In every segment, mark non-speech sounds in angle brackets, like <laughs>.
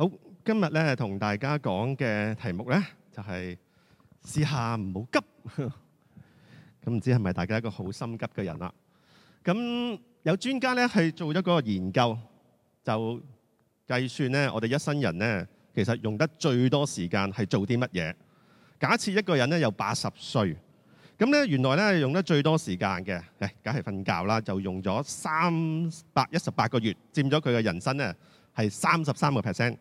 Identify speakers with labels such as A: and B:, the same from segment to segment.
A: 好，今日咧同大家講嘅題目咧就係試吓唔好急，咁唔知係咪大家一個好心急嘅人啦？咁有專家咧係做咗個研究，就計算咧我哋一生人咧其實用得最多時間係做啲乜嘢？假設一個人咧有八十歲，咁咧原來咧用得最多時間嘅，誒梗係瞓覺啦，就用咗三百一十八個月，佔咗佢嘅人生咧係三十三個 percent。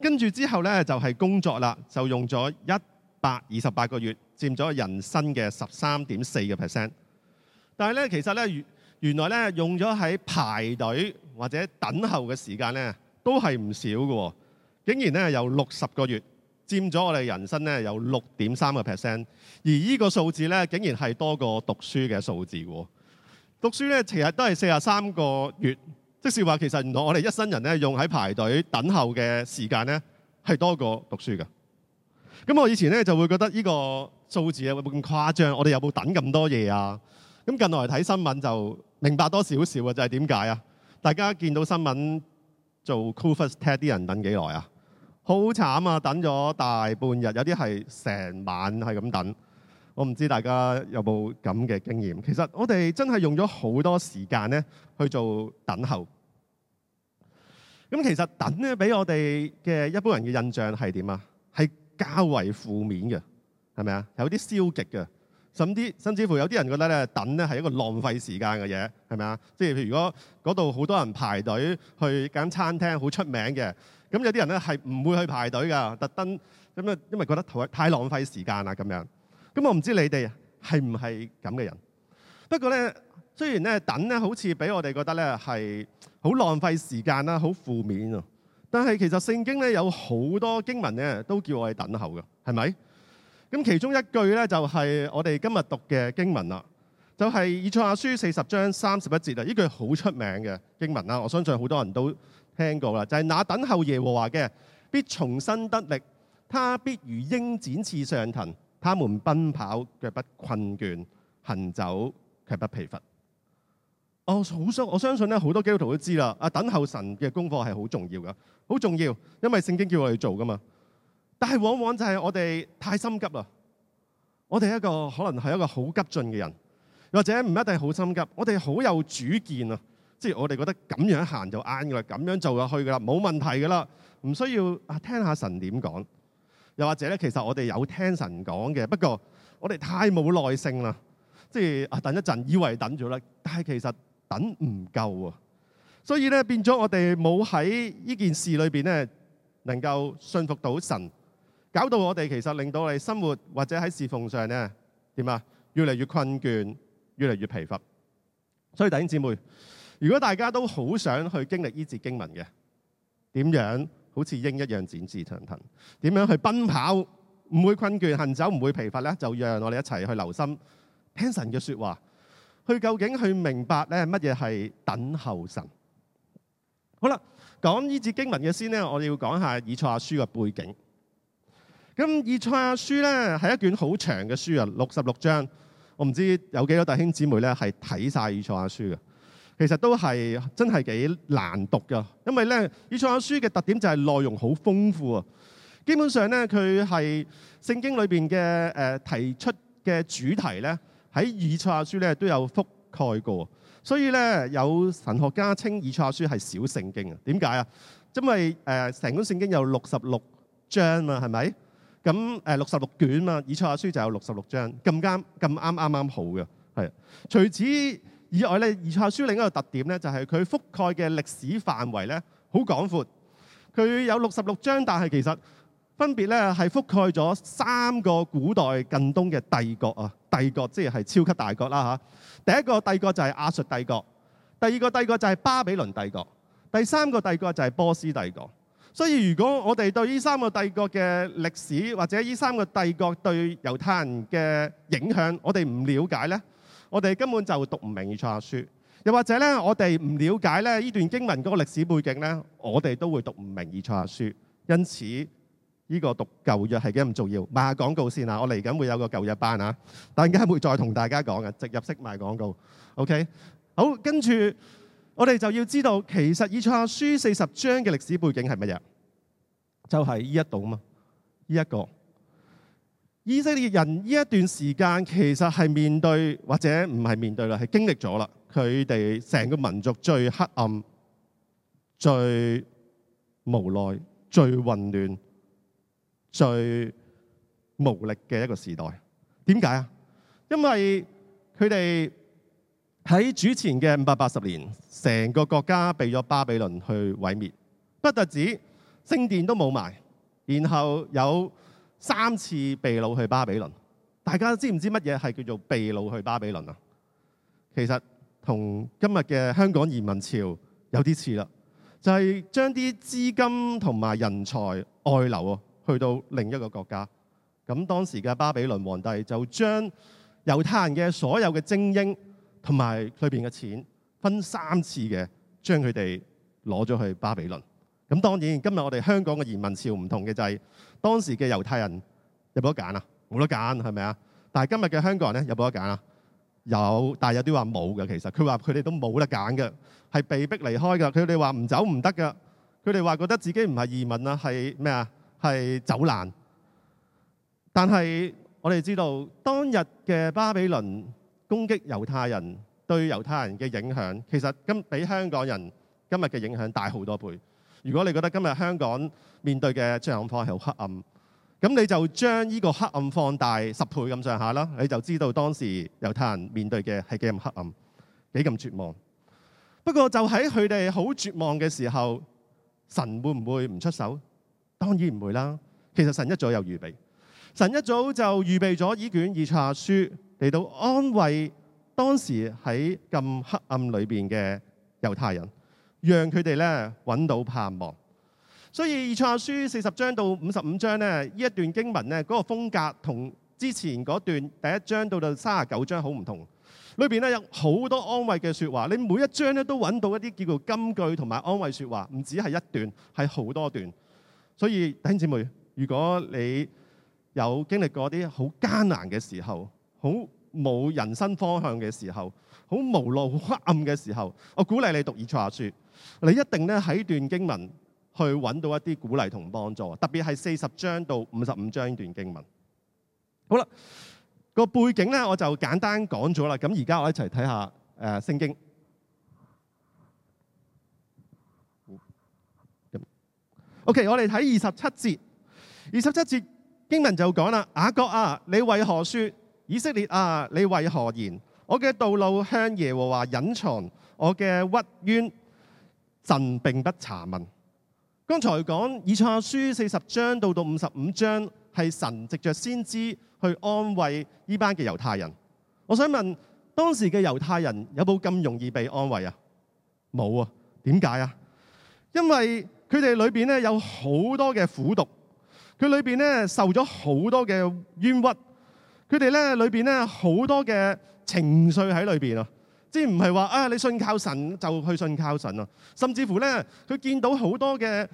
A: 跟住之後呢，就係工作啦，就用咗一百二十八個月，佔咗人生嘅十三點四個 percent。但係呢，其實呢，原原來呢，用咗喺排隊或者等候嘅時間呢，都係唔少嘅，竟然呢，有六十個月，佔咗我哋人生呢，有六點三個 percent。而呢個數字呢，竟然係多過讀書嘅數字喎。讀書呢，其實都係四十三個月。即是話，其實原來我哋一生人咧用喺排隊等候嘅時間咧，係多過讀書㗎。咁我以前咧就會覺得呢個數字有冇咁誇張？我哋有冇等咁多嘢啊？咁近來睇新聞就明白多少少啊，就係點解啊？大家見到新聞做 COVID test 啲人等幾耐啊？好慘啊！等咗大半日，有啲係成晚係咁等。我唔知大家有冇咁嘅經驗。其實我哋真係用咗好多時間咧去做等候。咁其實等咧，俾我哋嘅一般人嘅印象係點啊？係較為負面嘅，係咪啊？有啲消極嘅，甚至甚至乎有啲人覺得咧，等咧係一個浪費時間嘅嘢，係咪啊？即係譬如，如果嗰度好多人排隊去揀餐廳好出名嘅，咁有啲人咧係唔會去排隊噶，特登咁啊，因為覺得太浪費時間啦咁樣。咁我唔知你哋係唔係咁嘅人。不過咧，雖然咧等咧好似俾我哋覺得咧係。好浪費時間啦，好負面啊！但係其實聖經咧有好多經文咧都叫我哋等候嘅，係咪？咁其中一句咧就係我哋今日讀嘅經文啦，就係以賽亞書四十章三十一節啊！呢句好出名嘅經文啦，我相信好多人都聽過啦，就係那等候耶和華嘅，必重新得力；他必如鷹展翅上騰，他們奔跑卻不困倦，行走卻不疲乏。我好相我相信咧，好多基督徒都知啦。啊，等候神嘅功課係好重要噶，好重要，因為聖經叫我哋做噶嘛。但係往往就係我哋太心急啦。我哋一個可能係一個好急進嘅人，又或者唔一定係好心急。我哋好有主見啊，即係我哋覺得咁樣行就啱噶啦，咁樣做落去㗎啦，冇問題㗎啦，唔需要啊聽下神點講。又或者咧，其實我哋有聽神講嘅，不過我哋太冇耐性啦，即係啊等一陣，以為等咗啦，但係其實。等唔夠啊，所以咧變咗我哋冇喺呢件事裏面咧，能夠信服到神，搞到我哋其實令到我哋生活或者喺侍奉上咧點啊，越嚟越困倦，越嚟越疲乏。所以弟兄姊妹，如果大家都好想去經歷呢節經文嘅，點樣好似鷹一樣展翅上騰，點樣去奔跑唔會困倦、行走唔會疲乏咧，就讓我哋一齊去留心聽神嘅說話。佢究竟去明白咧乜嘢係等候神好？好啦，講呢節經文嘅先咧，我哋要講下以賽亞書嘅背景。咁以賽亞書咧係一卷好長嘅書啊，六十六章。我唔知有幾多弟兄姊妹咧係睇晒以賽亞書嘅，其實都係真係幾難讀噶，因為咧以賽亞書嘅特點就係內容好豐富啊。基本上咧佢係聖經裏面嘅、呃、提出嘅主題咧。喺《在以賽亞書》咧都有覆蓋過，所以咧有神學家稱《以賽亞書》係小聖經啊。點解啊？因為誒成、呃、本聖經有六十六章嘛，係咪？咁誒六十六卷嘛，《以賽亞書》就有六十六章，咁啱咁啱啱啱好嘅，係。除此以外咧，《以賽亞書》另一個特點咧，就係、是、佢覆蓋嘅歷史範圍咧，好廣闊。佢有六十六章，但係其實。分別咧係覆蓋咗三個古代近東嘅帝國啊！帝國即係超級大國啦、吓、第一個帝國就係亞述帝國，第二個帝國就係巴比倫帝國，第三個帝國就係波斯帝國。所以如果我哋對呢三個帝國嘅歷史或者呢三個帝國對猶太人嘅影響，我哋唔了解呢，我哋根本就讀唔明《以賽亞書》。又或者呢，我哋唔了解呢呢段經文嗰個歷史背景呢，我哋都會讀唔明《以賽亞書》。因此。呢個讀舊約係幾咁重要，賣下廣告先啊！我嚟緊會有個舊約班啊，但係會再同大家講嘅，直入式賣廣告。OK，好，跟住我哋就要知道，其實以賽亞書四十章嘅歷史背景係乜嘢？就係呢一度啊嘛，呢一個以色列人呢一段時間其實係面對，或者唔係面對啦，係經歷咗啦。佢哋成個民族最黑暗、最無奈、最混亂。最無力嘅一個時代點解啊？因為佢哋喺主前嘅五百八十年，成個國家被咗巴比倫去毀滅，不特止聖殿都冇埋，然後有三次被擄去巴比倫。大家知唔知乜嘢係叫做被擄去巴比倫啊？其實同今日嘅香港移民潮有啲似啦，就係將啲資金同埋人才外流喎。去到另一個國家咁，當時嘅巴比倫皇帝就將猶太人嘅所有嘅精英同埋裏邊嘅錢，分三次嘅將佢哋攞咗去巴比倫。咁當然今日我哋香港嘅移民潮唔同嘅就係當時嘅猶太人有冇得揀啊？冇得揀係咪啊？但係今日嘅香港人咧有冇得揀啊？有，但係有啲話冇嘅。其實佢話佢哋都冇得揀嘅，係被逼離開㗎。佢哋話唔走唔得㗎。佢哋話覺得自己唔係移民啊，係咩啊？係走難，但係我哋知道，當日嘅巴比倫攻擊猶太人，對猶太人嘅影響，其實今比香港人今日嘅影響大好多倍。如果你覺得今日香港面對嘅狀況係好黑暗，咁你就將呢個黑暗放大十倍咁上下啦，你就知道當時猶太人面對嘅係幾咁黑暗，幾咁絕望。不過就喺佢哋好絕望嘅時候，神會唔會唔出手？當然唔會啦。其實神一早有預備，神一早就預備咗呢卷《以賽亞書》嚟到安慰當時喺咁黑暗裏面嘅猶太人，讓佢哋呢揾到盼望。所以《以賽亞書》四十章到五十五章呢，呢一段經文呢，嗰、嗰個風格同之前嗰段第一章到到三十九章好唔同。裏面呢，有好多安慰嘅說話，你每一章呢都揾到一啲叫做金句同埋安慰說話，唔止係一段，係好多段。所以弟兄姊妹，如果你有經歷過啲好艱難嘅時候，好冇人生方向嘅時候，好無路、好黑暗嘅時候，我鼓勵你讀以賽亞書，你一定咧喺段經文去揾到一啲鼓勵同幫助，特別係四十章到五十五章呢段經文。好啦，個背景咧我就簡單講咗啦，咁而家我一齊睇下誒、呃、聖經。OK，我哋睇二十七節。二十七節經文就講啦：雅各啊，你為何說？以色列啊，你為何言？我嘅道路向耶和華隱藏，我嘅屈冤神並不查問。剛才講以賽亞書四十章到到五十五章，係神藉着先知去安慰呢班嘅猶太人。我想問，當時嘅猶太人有冇咁容易被安慰啊？冇啊？點解啊？因為。佢哋裏邊咧有好多嘅苦毒，佢裏邊咧受咗好多嘅冤屈，佢哋咧裏邊咧好多嘅情緒喺裏邊啊，即係唔係話啊你信靠神就去信靠神啊，甚至乎咧佢見到好多嘅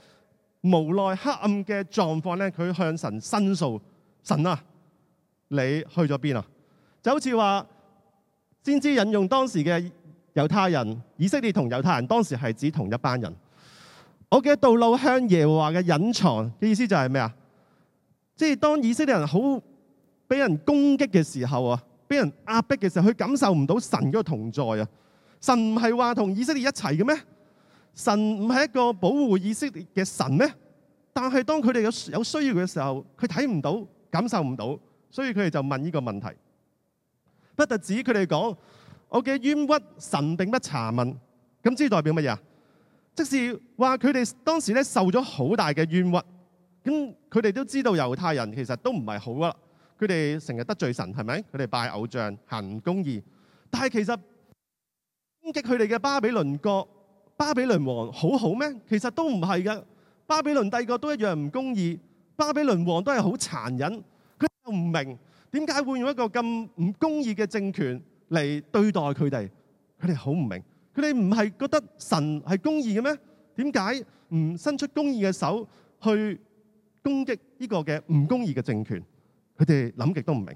A: 無奈黑暗嘅狀況咧，佢向神申訴：神啊，你去咗邊啊？就好似話先知引用當時嘅猶太人、以色列同猶太人，當時係指同一班人。我嘅道路向耶和華嘅隱藏嘅意思就係咩啊？即係當以色列人好俾人攻擊嘅時候啊，俾人壓迫嘅時候，佢感受唔到神嗰個同在啊！神唔係話同以色列一齊嘅咩？神唔係一個保護以色列嘅神咩？但係當佢哋有有需要嘅時候，佢睇唔到，感受唔到，所以佢哋就問呢個問題。不特止佢哋講，我嘅冤屈神並不查問，咁即代表乜嘢啊？即是話佢哋當時咧受咗好大嘅冤屈，咁佢哋都知道猶太人其實都唔係好啦，佢哋成日得罪神，係咪？佢哋拜偶像、行唔公義，但係其實攻擊佢哋嘅巴比倫國、巴比倫王好好咩？其實都唔係嘅，巴比倫帝國都一樣唔公義，巴比倫王都係好殘忍，佢又唔明點解會用一個咁唔公義嘅政權嚟對待佢哋，佢哋好唔明。佢哋唔係覺得神係公義嘅咩？點解唔伸出公義嘅手去攻擊呢個嘅唔公義嘅政權？佢哋諗極都唔明，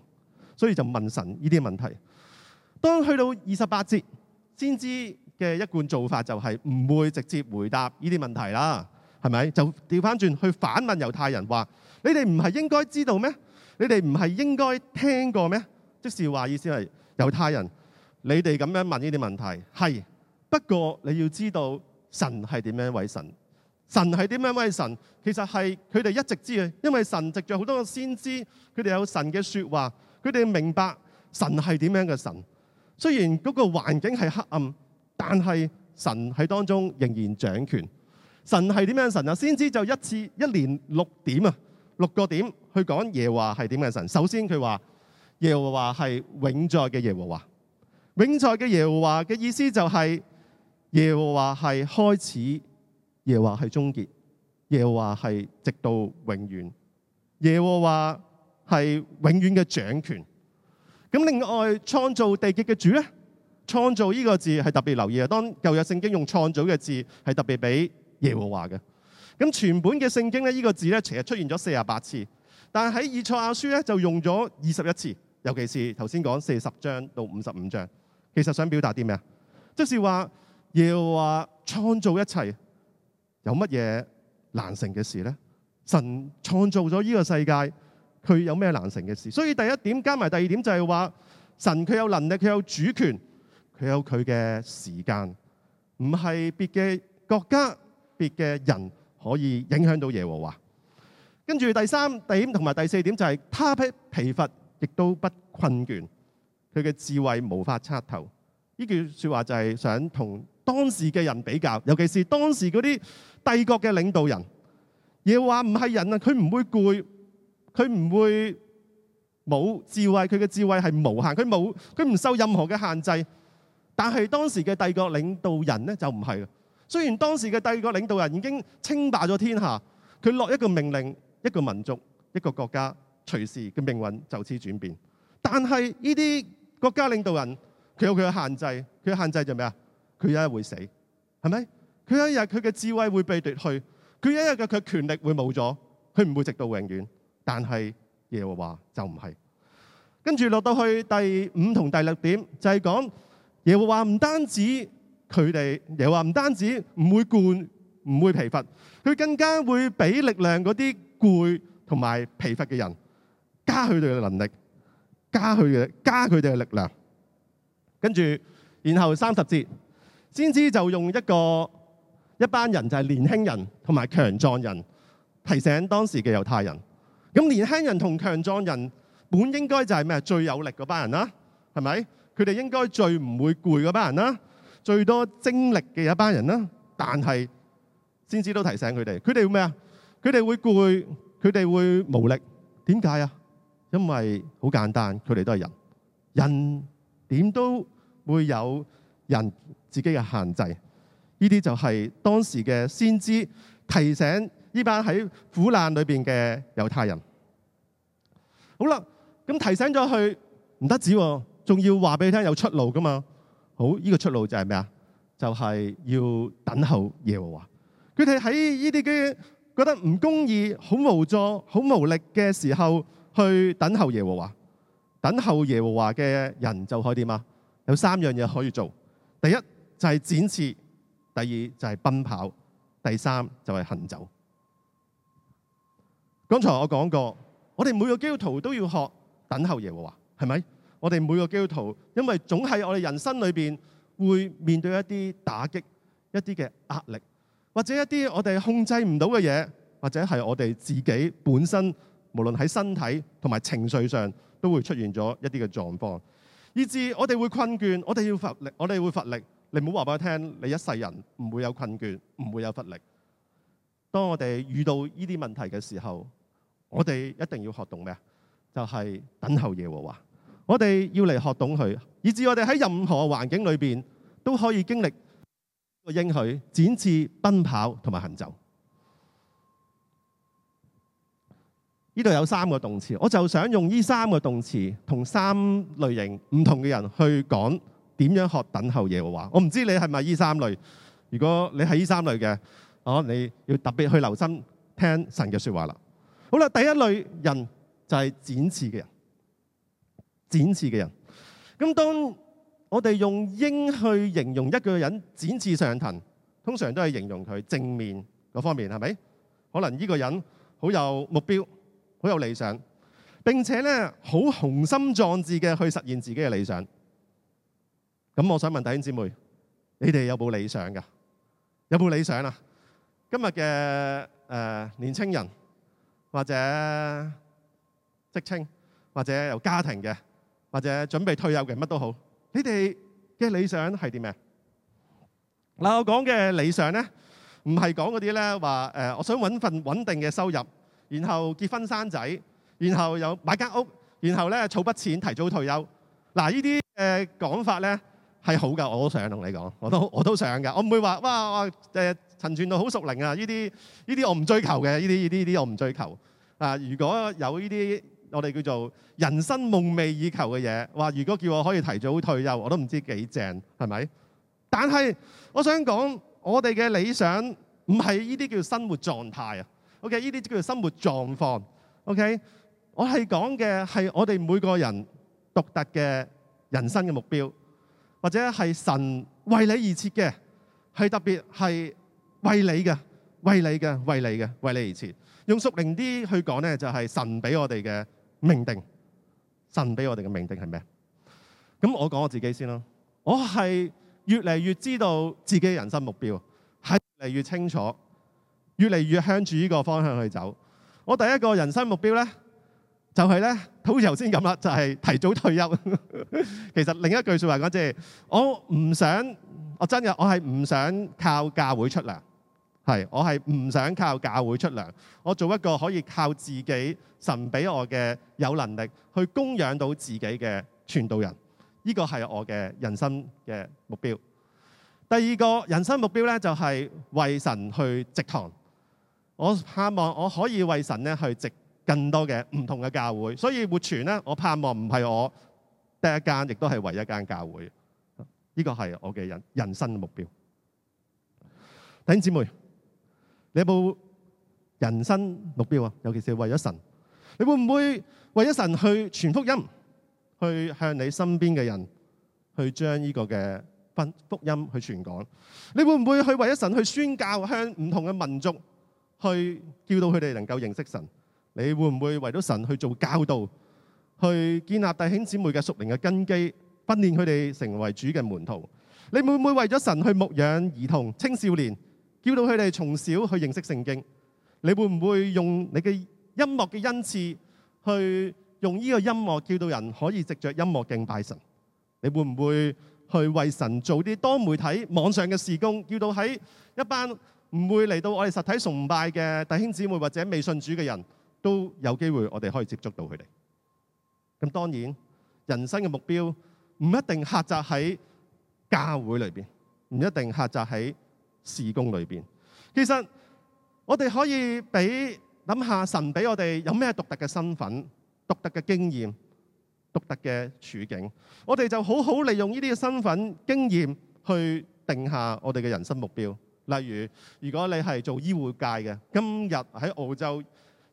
A: 所以就問神呢啲問題。當去到二十八節，先知嘅一貫做法就係唔會直接回答呢啲問題啦，係咪？就調翻轉去反問猶太人話：你哋唔係應該知道咩？你哋唔係應該聽過咩？即、就是話意思係猶太人，你哋咁樣問呢啲問題係。是不過你要知道神係點樣一位神，神係點樣一位神，其實係佢哋一直知嘅，因為神藉著好多個先知，佢哋有神嘅說話，佢哋明白神係點樣嘅神。雖然嗰個環境係黑暗，但係神喺當中仍然掌權。神係點樣神啊？先知就一次一連六點啊，六個點去講耶和華係點樣神。首先佢話耶和華係永在嘅耶和華，永在嘅耶和華嘅意思就係、是。耶和華係開始，耶和華係終結，耶和華係直到永遠，耶和華係永遠嘅掌權。咁另外創造地極嘅主咧，創造呢個字係特別留意啊。當舊約聖經用創造嘅字，係特別俾耶和華嘅。咁全本嘅聖經咧呢個字咧，其實出現咗四十八次，但係喺以賽亞書咧就用咗二十一次，尤其是頭先講四十章到五十五章，其實想表達啲咩啊？即、就是話。耶和華創造一切，有乜嘢難成嘅事呢？神創造咗呢個世界，佢有咩難成嘅事？所以第一點加埋第二點就係話，神佢有能力，佢有主權，佢有佢嘅時間，唔係別嘅國家、別嘅人可以影響到耶和華。跟住第三點、第五同埋第四點就係他不疲乏，皮亦都不困倦，佢嘅智慧無法測頭。呢句說話就係想同。當時嘅人比較，尤其是當時嗰啲帝國嘅領導人，也不是人，要話唔係人啊。佢唔會攰，佢唔會冇智慧，佢嘅智慧係無限，佢冇佢唔受任何嘅限制。但係當時嘅帝國領導人呢，就唔係啦。雖然當時嘅帝國領導人已經稱霸咗天下，佢落一個命令，一個民族一個國家，隨時嘅命運就此轉變。但係呢啲國家領導人佢有佢嘅限制，佢嘅限制就係咩啊？佢有一日會死，係咪？佢有一日佢嘅智慧會被奪去，佢有一日嘅佢權力會冇咗，佢唔會直到永遠。但係耶和華就唔係。跟住落到去第五同第六點，就係講耶和華唔單止佢哋，耶和華唔單止唔會攰，唔會疲乏，佢更加會俾力量嗰啲攰同埋疲乏嘅人，加佢哋嘅能力，加佢嘅加佢哋嘅力量。跟住然後三十節。先知就用一個一班人，就係年輕人同埋強壯人，提醒當時嘅猶太人。咁年輕人同強壯人本應該就係咩啊？最有力嗰班人啦，係咪？佢哋應該最唔會攰嗰班人啦，最多精力嘅一班人啦。但係先知都提醒佢哋，佢哋會咩啊？佢哋會攰，佢哋會無力。點解啊？因為好簡單，佢哋都係人，人點都會有人。自己嘅限制，呢啲就係當時嘅先知提醒呢班喺苦難裏邊嘅猶太人。好啦，咁提醒咗佢，唔得止、啊，仲要話俾你聽有出路噶嘛？好，呢、這個出路就係咩啊？就係、是、要等候耶和華。佢哋喺呢啲嘅覺得唔公義、好無助、好無力嘅時候，去等候耶和華。等候耶和華嘅人就可以點啊？有三樣嘢可以做。第一。就係展翅，第二就係奔跑，第三就係行走。剛才我講過，我哋每個基督徒都要學等候耶和華，係咪？我哋每個基督徒，因為總係我哋人生裏面會面對一啲打擊、一啲嘅壓力，或者一啲我哋控制唔到嘅嘢，或者係我哋自己本身，無論喺身體同埋情緒上都會出現咗一啲嘅狀況，以至我哋會困倦，我哋要乏力，我哋會乏力。你唔好話俾我聽，你一世人唔會有困倦，唔會有乏力。當我哋遇到呢啲問題嘅時候，我哋一定要學懂咩？就係等候耶和華。我哋要嚟學懂佢，以至我哋喺任何環境裏邊都可以經歷個應許、展翅、奔跑同埋行走。呢度有三個動詞，我就想用呢三個動詞同三類型唔同嘅人去講。點樣學等候耶和華？我唔知你係咪呢三類。如果你係呢三類嘅，啊，你要特別去留心聽神嘅說話啦。好啦，第一類人就係展翅嘅人，展翅嘅人。咁當我哋用鷹去形容一個人展翅上騰，通常都係形容佢正面嗰方面，係咪？可能呢個人好有目標，好有理想，並且咧好雄心壯志嘅去實現自己嘅理想。咁我想問弟兄姊妹，你哋有冇理想噶？有冇理想啊？今日嘅誒年青人，或者職青，或者有家庭嘅，或者準備退休嘅，乜都好，你哋嘅理想係點咩？嗱，我講嘅理想咧，唔係講嗰啲咧話誒，我想揾份穩定嘅收入，然後結婚生仔，然後又買間屋，然後咧儲筆錢提早退休。嗱，呢啲誒講法咧。係好㗎，我都想同你講，我都我都想㗎。我唔會話哇誒，陳傳道好屬靈啊！呢啲依啲我唔追求嘅，呢啲依啲我唔追求啊。如果有呢啲我哋叫做人生夢寐以求嘅嘢，話如果叫我可以提早退休，我都唔知幾正係咪？但係我想講，我哋嘅理想唔係呢啲叫生活狀態啊。OK，依啲叫做生活狀況。OK，我係講嘅係我哋每個人獨特嘅人生嘅目標。或者係神為你而設嘅，係特別係為你嘅，為你嘅，為你嘅，為你而設。用屬靈啲去講呢，就係神俾我哋嘅命定。神俾我哋嘅命定係咩？咁我講我自己先咯。我係越嚟越知道自己人生目標，係越嚟越清楚，越嚟越向住呢個方向去走。我第一個人生目標呢。就係咧，好似頭先咁啦，就係、就是、提早退休。 <laughs> 其實另一句説話講即係我唔想，我真嘅，我係唔想靠教會出糧。係，我係唔想靠教會出糧。我做一個可以靠自己神俾我嘅有能力去供養到自己嘅傳道人，呢、這個係我嘅人生嘅目標。第二個人生目標咧，就係、是、為神去植堂。我盼望我可以為神咧去植。更多嘅唔同嘅教會，所以活泉咧，我盼望唔係我第一間，亦都係唯一,一間教會。呢個係我嘅人人生嘅目標。弟兄姊妹，你有冇人生目標啊？尤其是為咗神，你會唔會為咗神去傳福音，去向你身邊嘅人，去將呢個嘅福音去傳講？你會唔會去為咗神去宣教，向唔同嘅民族去叫到佢哋能夠認識神？你會唔會為咗神去做教導，去建立弟兄姊妹嘅屬靈嘅根基，訓練佢哋成為主嘅門徒？你會唔會為咗神去牧養兒童、青少年，叫到佢哋從小去認識聖經？你會唔會用你嘅音樂嘅恩賜，去用呢個音樂叫到人可以藉著音樂敬拜神？你會唔會去為神做啲多媒體網上嘅事工，叫到喺一班唔會嚟到我哋實體崇拜嘅弟兄姊妹或者未信主嘅人？都有機會，我哋可以接觸到佢哋。咁當然，人生嘅目標唔一定狹窄喺教會裏邊，唔一定狹窄喺事工裏邊。其實我哋可以俾諗下神俾我哋有咩獨特嘅身份、獨特嘅經驗、獨特嘅處境。我哋就好好利用呢啲嘅身份、經驗去定下我哋嘅人生目標。例如，如果你係做醫護界嘅，今日喺澳洲。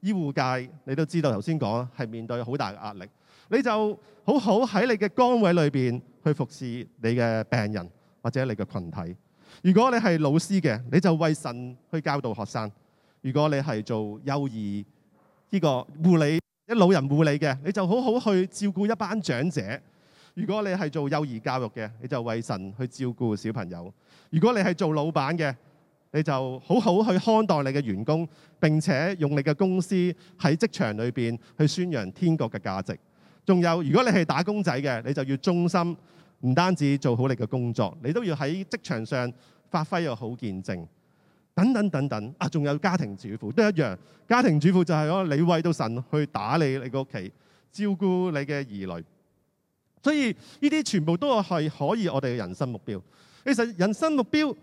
A: 醫護界你都知道才說，頭先講係面對好大嘅壓力，你就好好喺你嘅崗位裏面去服侍你嘅病人或者你嘅群體。如果你係老師嘅，你就為神去教導學生；如果你係做幼兒呢個護理一老人護理嘅，你就好好去照顧一班長者；如果你係做幼兒教育嘅，你就為神去照顧小朋友；如果你係做老闆嘅，你就好好去看待你嘅員工，並且用你嘅公司喺職場裏面去宣揚天國嘅價值。仲有，如果你係打工仔嘅，你就要忠心，唔單止做好你嘅工作，你都要喺職場上發揮又好見證。等等等等啊，仲有家庭主婦都一樣，家庭主婦就係咯，你為到神去打理你個屋企，照顧你嘅兒女。所以呢啲全部都係可以我哋嘅人生目標。其實人生目標。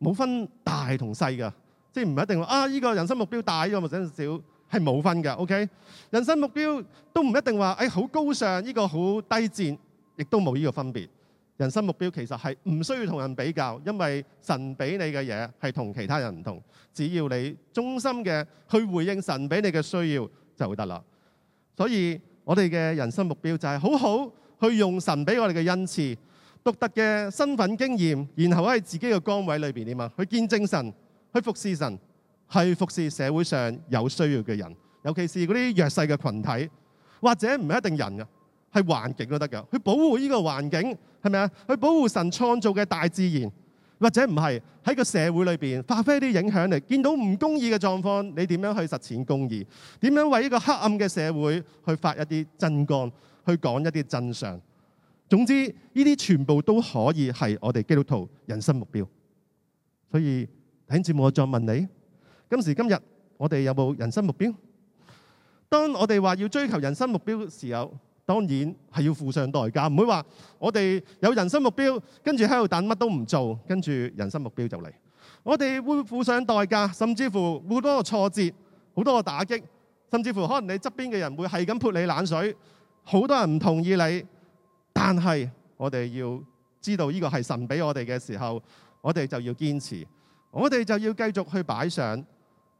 A: 冇分大同細噶即係唔一定話啊，呢個人生目標大咗或者少，係冇分噶。OK，人生目標都唔一定話誒好高尚，呢個好低賤，亦都冇呢個分別。人生目標其實係唔需要同人比較，因為神俾你嘅嘢係同其他人唔同，只要你忠心嘅去回應神俾你嘅需要就得啦。所以我哋嘅人生目標就係好好去用神俾我哋嘅恩賜。獨特嘅身份經驗，然後喺自己嘅崗位裏面，點啊？去見證神，去服侍神，去服侍社會上有需要嘅人，尤其是嗰啲弱勢嘅群體，或者唔係一定人嘅，係環境都得嘅。去保護呢個環境係咪啊？去保護神創造嘅大自然，或者唔係喺個社會裏面發揮一啲影響力，見到唔公義嘅狀況，你點樣去實踐公義？點樣為呢個黑暗嘅社會去發一啲真光，去講一啲真相？總之，呢啲全部都可以係我哋基督徒人生目標。所以，睇完節目我再問你：今時今日我哋有冇人生目標？當我哋話要追求人生目標嘅時候，當然係要付上代價，唔會話我哋有人生目標跟住喺度等乜都唔做，跟住人生目標就嚟。我哋會付上代價，甚至乎好多個挫折，好多個打擊，甚至乎可能你側邊嘅人會係咁潑你冷水，好多人唔同意你。但係我哋要知道呢個係神俾我哋嘅時候，我哋就要堅持，我哋就要繼續去擺上。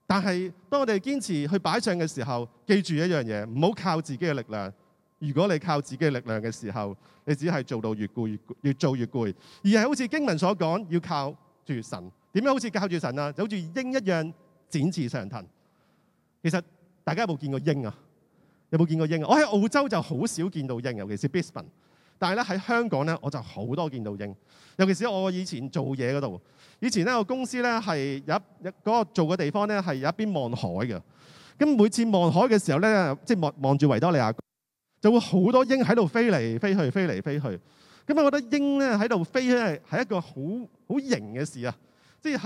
A: 但係當我哋堅持去擺上嘅時候，記住一樣嘢，唔好靠自己嘅力量。如果你靠自己嘅力量嘅時候，你只係做到越攰越越做越攰，而係好似經文所講，要靠住神。點樣好似靠住神啊？就好似鷹一樣展翅上騰。其實大家有冇見過鷹啊？有冇見過鷹啊？我喺澳洲就好少見到鷹，尤其是 Brisbane。但係咧，喺香港咧，我就好多見到鷹。尤其是我以前做嘢嗰度，以前咧我公司咧係有一嗰、嗰個做嘅地方咧係一邊望海嘅。咁每次望海嘅時候咧，即係望望住維多利亞，就會好多鷹喺度飛嚟飛去、飛嚟飛去。咁我覺得鷹咧喺度飛咧係一個好好型嘅事啊，即係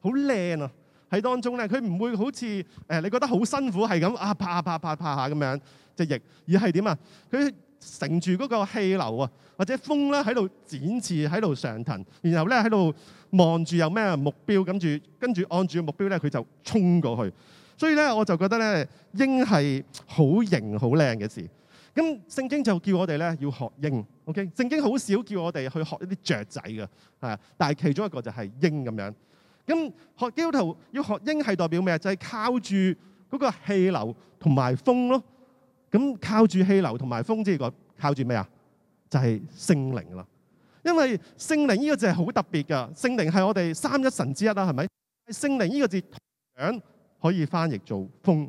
A: 好靚啊喺當中咧，佢唔會好似誒你覺得好辛苦係咁啊拍下拍下拍下咁樣隻翼、嗰個，而係點啊佢？乘住嗰個氣流啊，或者風咧喺度展翅喺度上騰，然後咧喺度望住有咩目標，跟住跟住按住個目標咧佢就衝過去。所以咧我就覺得咧鷹係好型好靚嘅事。咁聖經就叫我哋咧要學鷹。OK，聖經好少叫我哋去學一啲雀仔嘅，係，但係其中一個就係鷹咁樣。咁學基督徒要學鷹係代表咩啊？就係靠住嗰個氣流同埋風咯。咁靠住氣流同埋風之，即係個靠住咩啊？就係聖靈啦。因為聖靈呢個字係好特別㗎。聖靈係我哋三一神之一啦，係咪？聖靈呢個字同樣可以翻譯做風，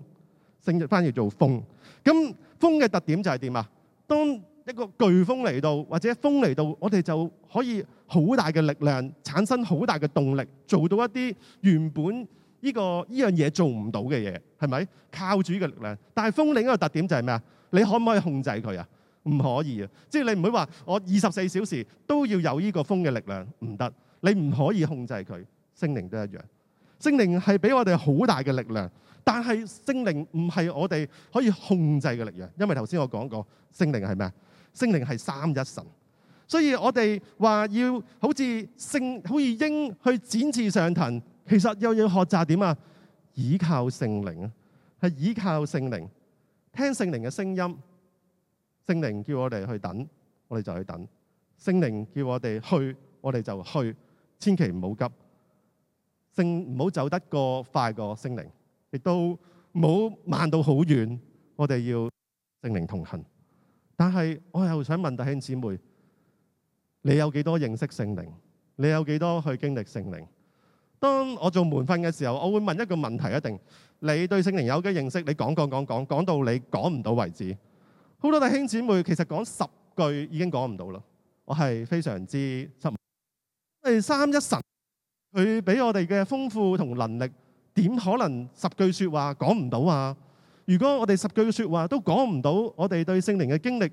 A: 聖翻譯做風。咁風嘅特點就係點啊？當一個颶風嚟到，或者風嚟到，我哋就可以好大嘅力量產生好大嘅動力，做到一啲原本。呢、這個呢樣嘢做唔到嘅嘢係咪？靠主嘅力量。但係風嘅一個特點就係咩啊？你可唔可以控制佢啊？唔可以啊！即係你唔會話我二十四小時都要有呢個風嘅力量，唔得。你唔可以控制佢。聖靈都一樣。聖靈係俾我哋好大嘅力量，但係聖靈唔係我哋可以控制嘅力量，因為頭先我講過，聖靈係咩啊？聖靈係三一神，所以我哋話要好似聖、好似鷹去展翅上騰。其實又要學習點啊？倚靠聖靈啊，係倚靠聖靈，聽聖靈嘅聲音，聖靈叫我哋去等，我哋就去等；聖靈叫我哋去，我哋就去，千祈唔好急，聖唔好走得過快過聖靈，亦都唔好慢到好遠。我哋要聖靈同行，但係我又想問弟兄姊妹：你有幾多認識聖靈？你有幾多去經歷聖靈？當我做門訓嘅時候，我會問一個問題，一定你對聖靈有嘅認識，你講講講講講到你講唔到為止。好多弟兄姊妹其實講十句已經講唔到啦，我係非常之失望。三一神佢俾我哋嘅豐富同能力，點可能十句説話講唔到啊？如果我哋十句説話都講唔到，我哋對聖靈嘅經歷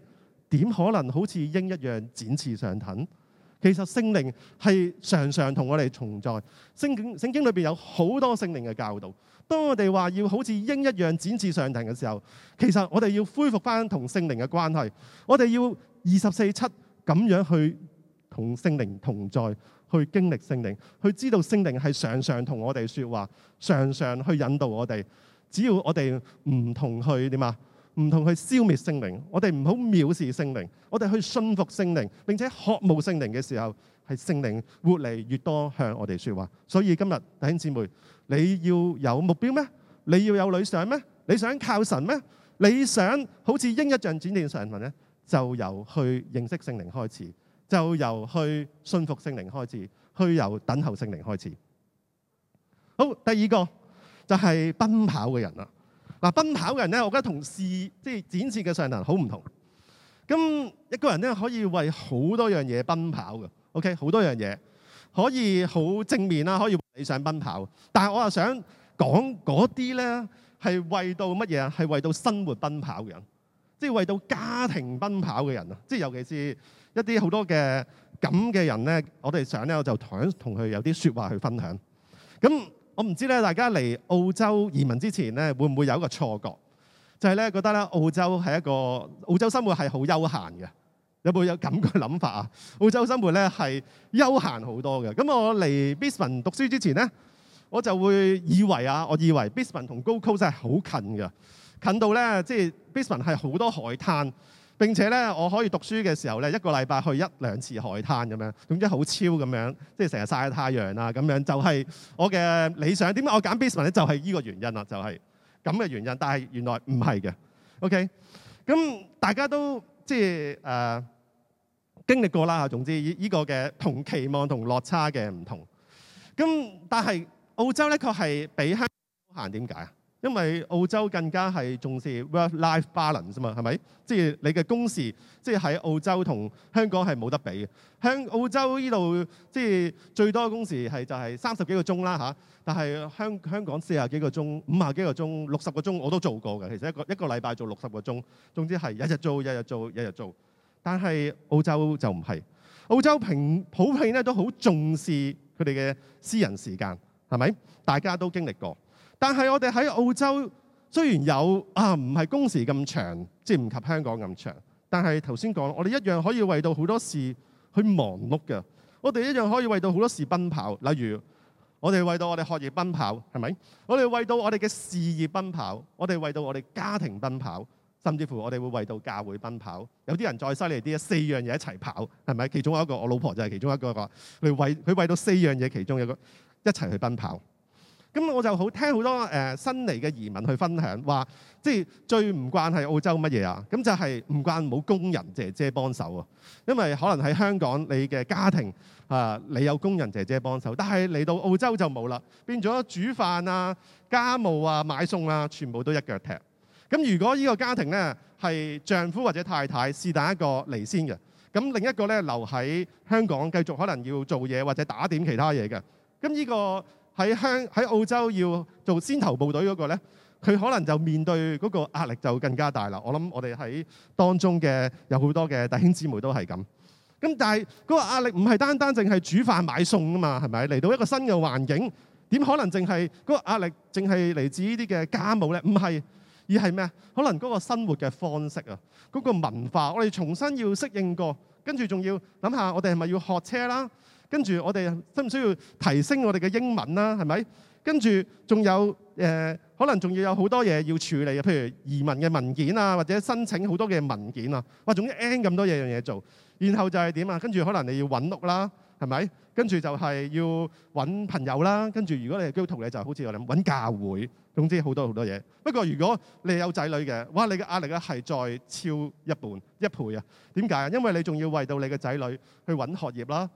A: 點可能好似鷹一樣展翅上騰？其實聖靈係常常同我哋同在，聖經聖經裏邊有好多聖靈嘅教導。當我哋話要好似鷹一樣展翅上騰嘅時候，其實我哋要恢復翻同聖靈嘅關係，我哋要二十四七咁樣去同聖靈同在，去經歷聖靈，去知道聖靈係常常同我哋說話，常常去引導我哋。只要我哋唔同去點啊？唔同去消滅聖靈，我哋唔好藐視聖靈，我哋去信服聖靈，並且渴慕聖靈嘅時候，係聖靈活嚟，越多向我哋說話。所以今日弟兄姊妹，你要有目標咩？你要有理想咩？你想靠神咩？你想好似鷹一樣展翅上騰咧？就由去認識聖靈開始，就由去信服聖靈開始，去由等候聖靈開始。好，第二個就係奔跑嘅人啦。嗱，奔跑嘅人咧，我覺得同事，即係展示嘅上層好唔同。咁一個人咧，可以為好多樣嘢奔跑嘅，OK，好多樣嘢可以好正面啦，可以理想奔跑。但係我又想講嗰啲咧係為到乜嘢啊？係為到生活奔跑嘅人，即係為到家庭奔跑嘅人啊！即係尤其是一啲好多嘅咁嘅人咧，我哋想咧，我就想同佢有啲説話去分享。咁。我唔知咧，大家嚟澳洲移民之前咧，會唔會有一個錯覺，就係、是、咧覺得咧澳洲係一個澳洲生活係好悠閒嘅，有冇有咁個諗法啊？澳洲生活咧係悠閒好多嘅。咁我嚟 Brisbane 讀書之前咧，我就會以為啊，我以為 Brisbane 同 Gold Coast 真係好近嘅，近到咧即係 Brisbane 係好多海灘。並且咧，我可以讀書嘅時候咧，一個禮拜去一兩次海灘咁樣，總之好超咁樣，即係成日曬太陽啊咁樣，就係、是、我嘅理想。點解我揀 Brisbane 咧？就係依個原因啦，就係咁嘅原因。但係原來唔係嘅，OK。咁大家都即係誒、呃、經歷過啦。啊，總之依依個嘅同期望同落差嘅唔同。咁但係澳洲咧，確係比香港限點解啊？因為澳洲更加係重視 work-life balance 嘛，係咪？即係你嘅工時，即係喺澳洲同香港係冇得比嘅。香澳洲呢度即係最多嘅工時係就係三十幾個鐘啦吓，但係香香港四十幾個鐘、五十幾個鐘、六十個鐘我都做過嘅。其實一個一個禮拜做六十個鐘，總之係一日做、一日做、一日做、做。但係澳洲就唔係。澳洲平普遍咧都好重視佢哋嘅私人時間，係咪？大家都經歷過。但係我哋喺澳洲雖然有啊，唔係工時咁長，即係唔及香港咁長。但係頭先講，我哋一樣可以為到好多事去忙碌㗎。我哋一樣可以為到好多事奔跑。例如我哋為到我哋學業奔跑，係咪？我哋為到我哋嘅事業奔跑，我哋為到我哋家庭奔跑，甚至乎我哋會為到教會奔跑。有啲人再犀利啲啊，四樣嘢一齊跑，係咪？其中一個我老婆就係其中一個，話佢為佢為到四樣嘢，其中一個一齊去奔跑。咁我就好聽好多誒新嚟嘅移民去分享，話即係最唔慣係澳洲乜嘢啊？咁就係唔慣冇工人姐姐幫手啊，因為可能喺香港你嘅家庭啊，你有工人姐姐幫手，但係嚟到澳洲就冇啦，變咗煮飯啊、家務啊、買餸啊，全部都一腳踢。咁如果呢個家庭呢，係丈夫或者太太是但一個嚟先嘅，咁另一個呢，留喺香港繼續可能要做嘢或者打點其他嘢嘅，咁呢個。喺香喺澳洲要做先頭部隊嗰個咧，佢可能就面對嗰個壓力就更加大啦。我諗我哋喺當中嘅有好多嘅弟兄姊妹都係咁。咁但係嗰個壓力唔係單單淨係煮飯買餸啊嘛，係咪嚟到一個新嘅環境，點可能淨係嗰個壓力淨係嚟自呢啲嘅家務呢？唔係，而係咩啊？可能嗰個生活嘅方式啊，嗰、嗰個文化，我哋重新要適應過，跟住仲要諗下，我哋係咪要學車啦？跟住我哋需唔需要提升我哋嘅英文啦？係咪？跟住仲有、呃、可能仲要有好多嘢要處理啊，譬如移民嘅文件啊，或者申請好多嘅文件啊。哇，總之 N 咁多樣嘢做。然後就係點啊？跟住可能你要揾屋啦，係咪？跟住就係要揾朋友啦。跟住如果你係基督徒，你就好似我哋揾教會，總之好多好多嘢。不過如果你有仔女嘅，哇！你嘅壓力咧係再超一半一倍啊？點解啊？因為你仲要為到你嘅仔女去揾學業啦。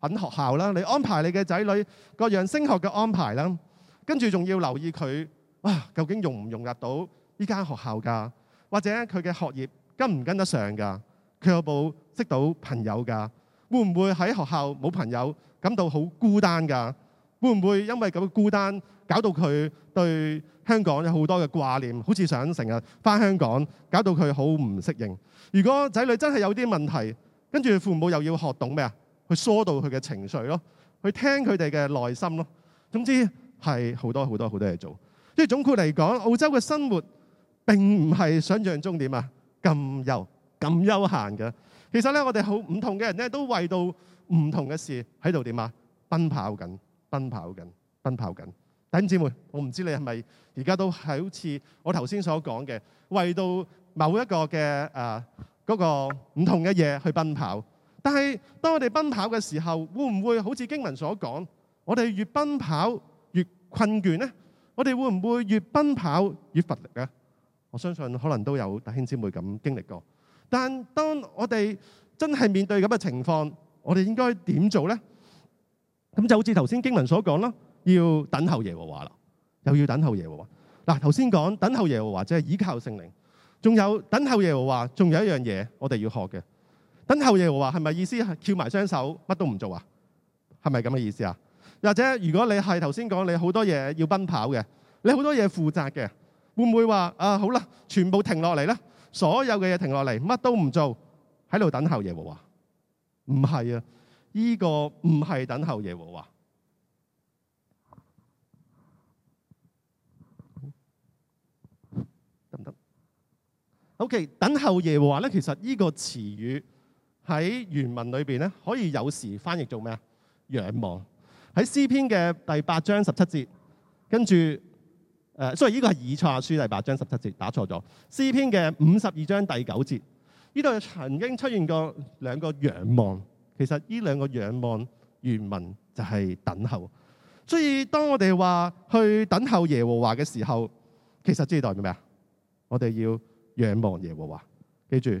A: 等學校啦，你安排你嘅仔女各樣升學嘅安排啦，跟住仲要留意佢啊，究竟融唔融入到呢間學校㗎？或者佢嘅學業跟唔跟得上㗎？佢有冇識到朋友㗎？會唔會喺學校冇朋友，感到好孤單㗎？會唔會因為咁孤單搞到佢對香港有好多嘅掛念，好似想成日翻香港，搞到佢好唔適應？如果仔女真係有啲問題，跟住父母又要學懂咩啊？去疏導佢嘅情緒咯，去聽佢哋嘅內心咯。總之係好多好多好多嘢做。即係總括嚟講，澳洲嘅生活並唔係想像中點啊，咁悠咁悠閒嘅。其實咧，我哋好唔同嘅人咧，都為到唔同嘅事喺度點啊，奔跑緊，奔跑緊，奔跑緊。弟兄姊妹，我唔知你係咪而家都係好似我頭先所講嘅，為到某一個嘅誒嗰個唔同嘅嘢去奔跑。但係當我哋奔跑嘅時候，會唔會好似經文所講，我哋越奔跑越困倦呢？我哋會唔會越奔跑越乏力呢？我相信可能都有弟兄姊妹咁經歷過。但當我哋真係面對咁嘅情況，我哋應該點做呢？咁就好似頭先經文所講啦，要等候耶和華啦，又要等候耶和華。嗱，頭先講等候耶和華，即係依靠聖靈，仲有等候耶和華，仲有一樣嘢我哋要學嘅。等候耶和華係咪意思係翹埋雙手乜都唔做啊？係咪咁嘅意思啊？或者如果你係頭先講你好多嘢要奔跑嘅，你好多嘢負責嘅，會唔會話啊，好啦，全部停落嚟啦，所有嘅嘢停落嚟，乜都唔做，喺度等候耶和華？唔係啊，依個唔係等候耶和華。得唔得？OK，等候耶和華咧，其實呢個詞語。喺原文裏面咧，可以有時翻譯做咩啊？仰望，喺詩篇嘅第八章十七節，跟住誒，雖然呢個係以賽亞書第八章十七節打錯咗，詩篇嘅五十二章第九節，呢度曾經出現過兩個仰望，其實呢兩個仰望原文就係等候。所以當我哋話去等候耶和華嘅時候，其實知道待咩啊？我哋要仰望耶和華，記住。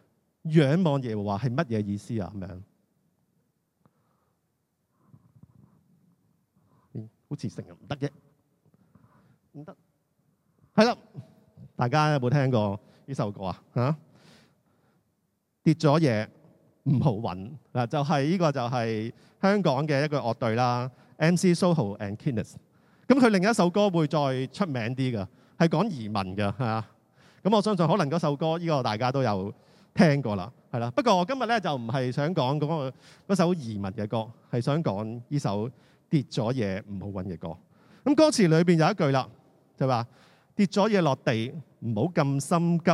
A: 仰望耶和華係乜嘢意思啊？咁樣好似成日唔得嘅，唔得係啦。大家有冇聽過呢首歌啊？嚇跌咗嘢唔好揾嗱，就係呢個就係香港嘅一個樂隊啦。MC Soho and Kinnis 咁佢另一首歌會再出名啲嘅，係講移民嘅係啊。咁我相信可能嗰首歌呢個大家都有。聽過啦，係啦。不過我今日咧就唔係想講嗰個嗰首移民嘅歌，係想講呢首跌咗嘢唔好搵嘅歌。咁歌詞裏邊有一句啦，就話跌咗嘢落地唔好咁心急，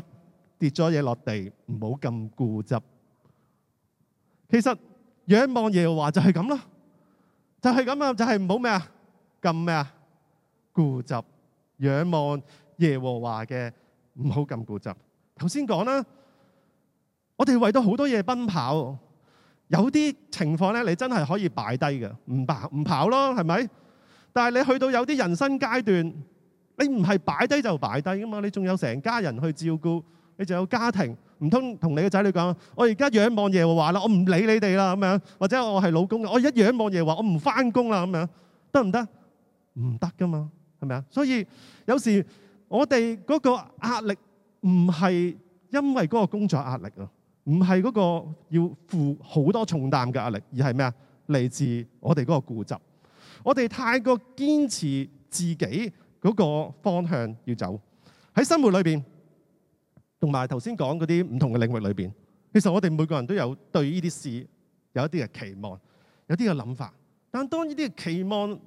A: 跌咗嘢落地唔好咁固執。其實仰望耶和華就係咁囉，就係咁啊，就係唔好咩啊，咁咩啊固執。仰望耶和華嘅唔好咁固執。頭先講啦。我哋為到好多嘢奔跑，有啲情況咧，你真係可以擺低嘅，唔跑唔跑咯，係咪？但係你去到有啲人生階段，你唔係擺低就擺低噶嘛，你仲有成家人去照顧，你仲有家庭，唔通同你嘅仔女講：我而家仰望耶和華啦，我唔理你哋啦咁樣，或者我係老公啊，我一仰望耶和華，我唔翻工啦咁樣，得唔得？唔得噶嘛，係咪啊？所以有時我哋嗰個壓力唔係因為嗰個工作壓力啊。唔係嗰個要負好多重擔嘅壓力，而係咩啊？嚟自我哋嗰個固執，我哋太過堅持自己嗰個方向要走。喺生活裏邊，同埋頭先講嗰啲唔同嘅領域裏邊，其實我哋每個人都有對呢啲事有一啲嘅期望，有啲嘅諗法。但當呢啲期望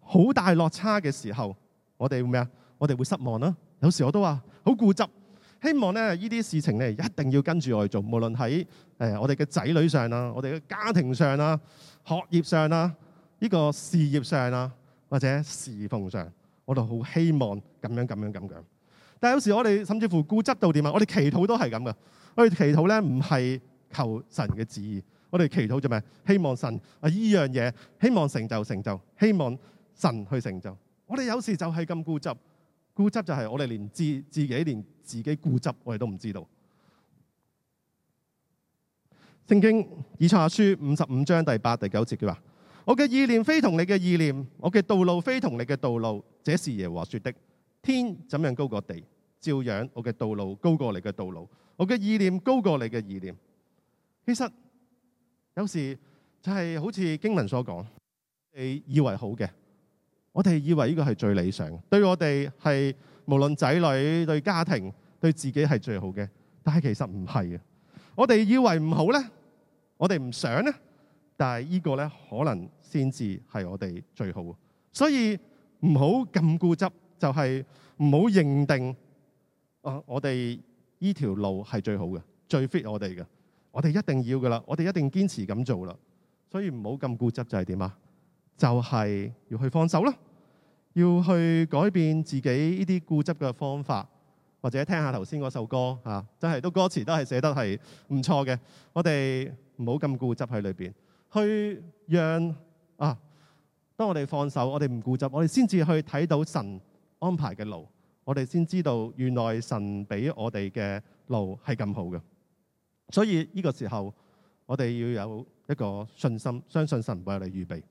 A: 好大落差嘅時候，我哋會咩啊？我哋會失望啦。有時我都話好固執。希望咧，呢啲事情咧，一定要跟住我哋做。無論喺、呃、我哋嘅仔女上啦、我哋嘅家庭上啦、學業上啦、呢、呢個事業上啦，或者侍奉上，我都好希望咁樣咁樣咁樣。但係有時我哋甚至乎固執到點啊！我哋祈禱都係咁噶。我哋祈禱咧，唔係求神嘅旨意，我哋祈禱做咩？希望神啊依樣嘢，希望成就成就，希望神去成就。我哋有時就係咁固執。固執就係我哋連自自己，連自己固執，我哋都唔知道。聖經以賽亞書五十五章第八、第九節，佢話：我嘅意念非同你嘅意念，我嘅道路非同你嘅道路。這是耶和華説的。天怎樣高過地，照樣我嘅道路高過你嘅道路，我嘅意念高過你嘅意念。其實有時就係好似經文所講，你以為好嘅。我哋以為呢個係最理想，對我哋係無論仔女、對家庭、對自己係最好嘅。但係其實唔係啊！我哋以為唔好呢，我哋唔想呢，但係呢個呢，可能先至係我哋最好的。所以唔好咁固執，就係唔好認定啊！我哋呢條路係最好嘅，最 fit 我哋嘅。我哋一定要噶啦，我哋一定堅持咁做啦。所以唔好咁固執，就係點啊？就係要去放手啦，要去改變自己呢啲固執嘅方法，或者聽下頭先嗰首歌嚇，真係都歌詞都係寫得係唔錯嘅。我哋唔好咁固執喺裏邊，去讓啊。當我哋放手，我哋唔固執，我哋先至去睇到神安排嘅路，我哋先知道原來神俾我哋嘅路係咁好嘅。所以呢個時候，我哋要有一個信心，相信神為我哋預備。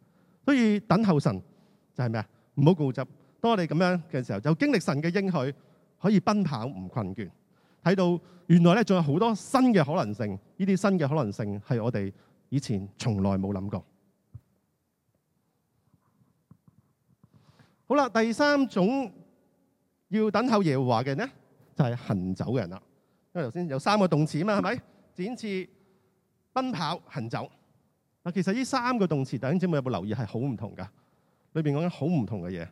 A: 所以等候神就係咩啊？唔好固執。當我哋咁樣嘅時候，就經歷神嘅應許，可以奔跑唔困倦，睇到原來咧仲有好多新嘅可能性，呢啲新嘅可能性係我哋以前從來冇諗過。好啦，第三種要等候耶和華嘅人咧，就係行走嘅人啦。因為頭先有三個動詞啊嘛，係咪？展翅、奔跑、行走。嗱，其實呢三個動詞，弟兄姊妹有冇留意係好唔同噶？裏邊講緊好唔同嘅嘢，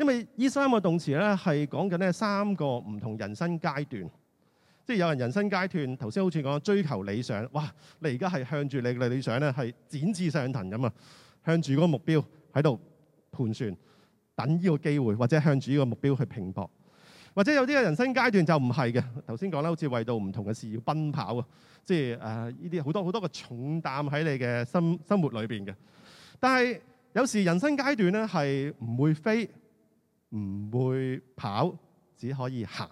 A: 因為呢三個動詞咧，係講緊咧三個唔同人生階段，即係有人人生階段頭先好似講追求理想，哇！你而家係向住你嘅理想咧係展翅上騰咁啊，向住嗰個目標喺度盤旋，等呢個機會，或者向住呢個目標去拼搏。或者有啲嘅人生階段就唔係嘅，頭先講啦，好似為到唔同嘅事要奔跑啊，即係誒呢啲好多好多個重擔喺你嘅生生活裏邊嘅。但係有時人生階段咧係唔會飛，唔會跑，只可以行。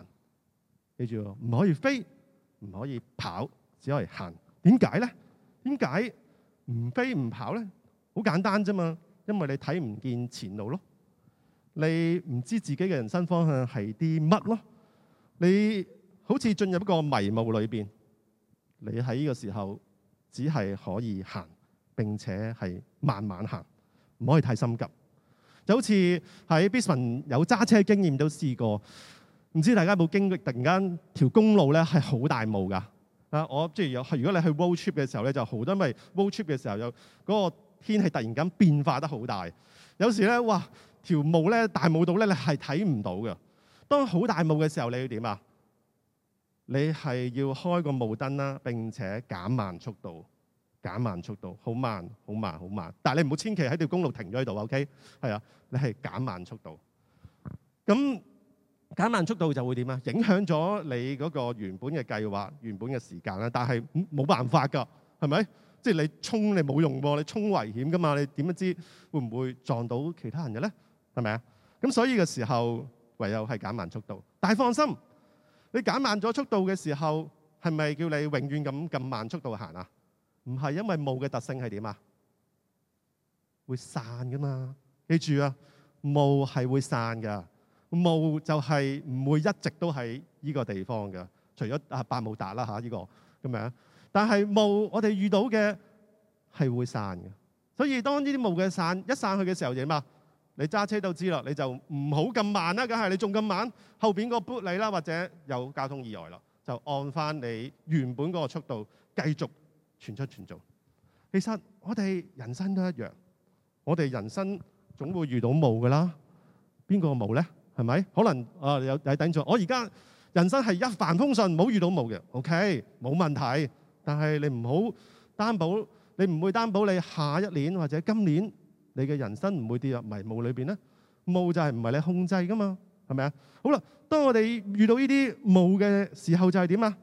A: 記住，唔可以飛，唔可以跑，只可以行。點解咧？點解唔飛唔跑咧？好簡單啫嘛，因為你睇唔見前路咯。你唔知自己嘅人生方向係啲乜咯。你好似進入一個迷霧裏邊，你喺呢個時候只係可以行並且係慢慢行，唔可以太心急。就好似喺 Brisbane 有揸車經驗都試過，唔知大家有冇經歷？突然間條公路咧係好大霧㗎啊！我即係有，如果你去 road trip 嘅時候咧，就好多因為 road trip 嘅時候有嗰個天氣突然間變化得好大，有時咧哇～條霧咧，大霧到咧，你係睇唔到嘅。當好大霧嘅時候，你要點啊？你係要開個霧燈啦，並且減慢速度，減慢速度，好慢，好慢，好慢。但係你唔好千祈喺條公路停咗喺度，OK？係啊，你係減慢速度。咁減慢速度就會點啊？影響咗你嗰個原本嘅計劃、原本嘅時間啦。但係冇辦法㗎，係咪？即係你衝，你冇用喎。你衝危險㗎嘛？你點樣知會唔會撞到其他人嘅咧？係咪啊？咁所以嘅時候，唯有係減慢速度。但係放心，你減慢咗速度嘅時候，係咪叫你永遠咁咁慢速度行啊？唔係，因為霧嘅特性係點啊？會散噶嘛？記住啊，霧係會散噶，霧就係唔會一直都喺呢個地方噶。除咗啊百慕達啦吓，呢個咁樣。但係霧，我哋遇到嘅係會散嘅。所以當呢啲霧嘅散一散去嘅時候，就點啊？.你揸車都知啦，你就唔好咁慢啦，梗係你仲咁慢，後邊個撥你啦，或者有交通意外啦，就按翻你原本嗰個速度繼續傳出傳做。其實我哋人生都一樣，我哋人生總會遇到霧嘅啦。邊個冇咧？係咪？可能啊有係頂住。我而家人生係一帆風順，冇遇到霧嘅，OK，冇問題。但係你唔好擔保，你唔會擔保你下一年或者今年。你嘅人生唔會跌入迷霧裏邊咧，霧就係唔係你控制噶嘛，係咪啊？好啦，當我哋遇到呢啲霧嘅時候就是，就係點啊？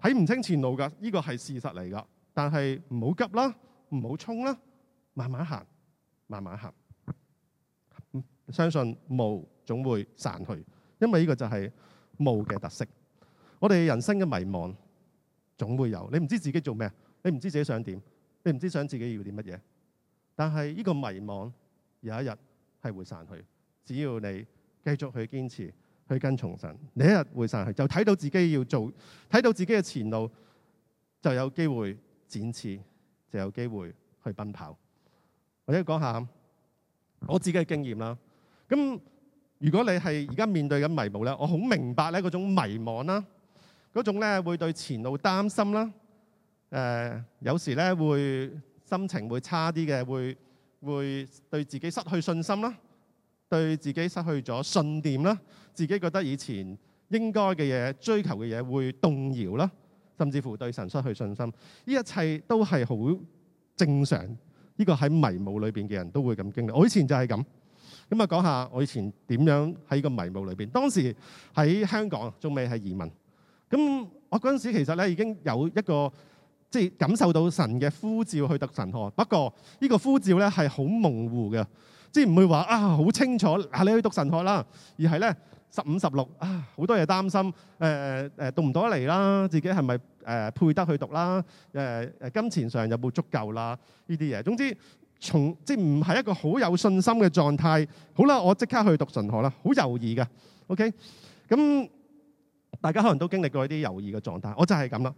A: 睇唔清前路噶，呢個係事實嚟噶。但係唔好急啦，唔好衝啦，慢慢行，慢慢行，嗯。相信霧總會散去，因為呢個就係霧嘅特色。我哋人生嘅迷惘總會有，你唔知自己做咩，你唔知自己想點，你唔知想自己要啲乜嘢。但係呢個迷茫有一日係會散去，只要你繼續去堅持，去跟從神，你一日會散去，就睇到自己要做，睇到自己嘅前路就有機會展翅，就有機會去奔跑。我說一講下我自己嘅經驗啦。咁如果你係而家面對緊迷茫咧，我好明白咧嗰種迷茫啦，嗰種咧會對前路擔心啦，誒有時咧會。心情會差啲嘅，會會對自己失去信心啦，對自己失去咗信念啦，自己覺得以前應該嘅嘢，追求嘅嘢會動搖啦，甚至乎對神失去信心，呢一切都係好正常。呢個喺迷霧裏邊嘅人都會咁經歷，我以前就係咁，咁啊講下我以前點樣喺個迷霧裏邊，當時喺香港仲未係移民，咁我嗰陣時其實咧已經有一個。即係感受到神嘅呼召去讀神學，不過呢個呼召咧係好模糊嘅，即係唔會話啊好清楚嗱，你去讀神學啦，而係咧十五十六啊好多嘢擔心，誒誒讀唔到得嚟啦，自己係咪誒配得去讀啦？誒、呃、誒金錢上有冇足夠啦？呢啲嘢，總之從即係唔係一個好有信心嘅狀態。好啦，我即刻去讀神學啦，好猶豫嘅。OK，咁大家可能都經歷過一啲猶豫嘅狀態，我就係咁啦。